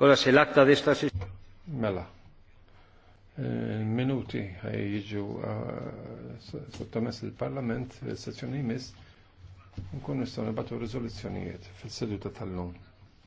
Kolla se l-akta desta Mela. Eh, Minuti ħaj jiġu eh, sottomess il-Parlament, il sezzjoni jmiss, nkun nistaw nibatu rizoluzzjonijiet fil-seduta tal-lum.